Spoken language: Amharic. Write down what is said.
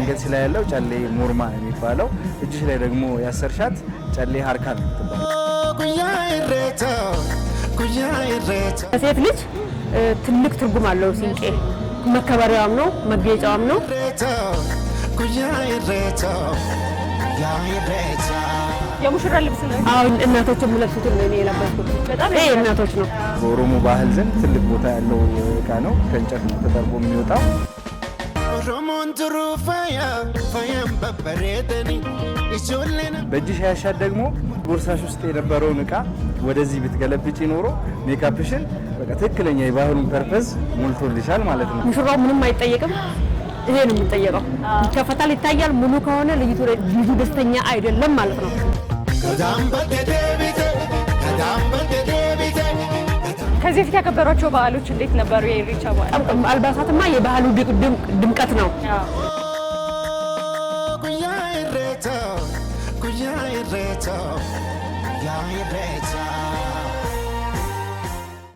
እንደዚህ ላይ ያለው ጨሌ የሚባለው እጅሽ ላይ ደግሞ ያሰርሻት ጨሌ ሴት ልጅ ትልቅ ትርጉም አለው ሲንቄ። መከበሪያዋም ነው መጌጫዋም ነው። የሙሽራ ልብስ ነው። አሁን እናቶች የሚለብሱት ነው። እኔ የለበስኩት ይሄ እናቶች ነው። በኦሮሞ ባህል ዘንድ ትልቅ ቦታ ያለው እቃ ነው። ከእንጨት ተጠርቦ የሚወጣው በእጅሽ ያሻት ደግሞ ቦርሳሽ ውስጥ የነበረውን እቃ ወደዚህ ብትገለብጭ ኖሮ ሜካፕሽን በቃ ትክክለኛ የባህሉን ፐርፐዝ ሞልቶልሻል ማለት ነው። ሙሽራው ምንም አይጠየቅም። ይሄ ነው የሚጠየቀው። ይከፈታል፣ ይታያል። ሙሉ ከሆነ ልጅቱ ደስተኛ አይደለም ማለት ነው። ከዚህ በፊት ያከበሯቸው በዓሎች እንዴት ነበሩ? የኢሬቻ በዓል አልባሳትማ የባህሉ ድምቀት ነው። ጉያ ኢሬቻ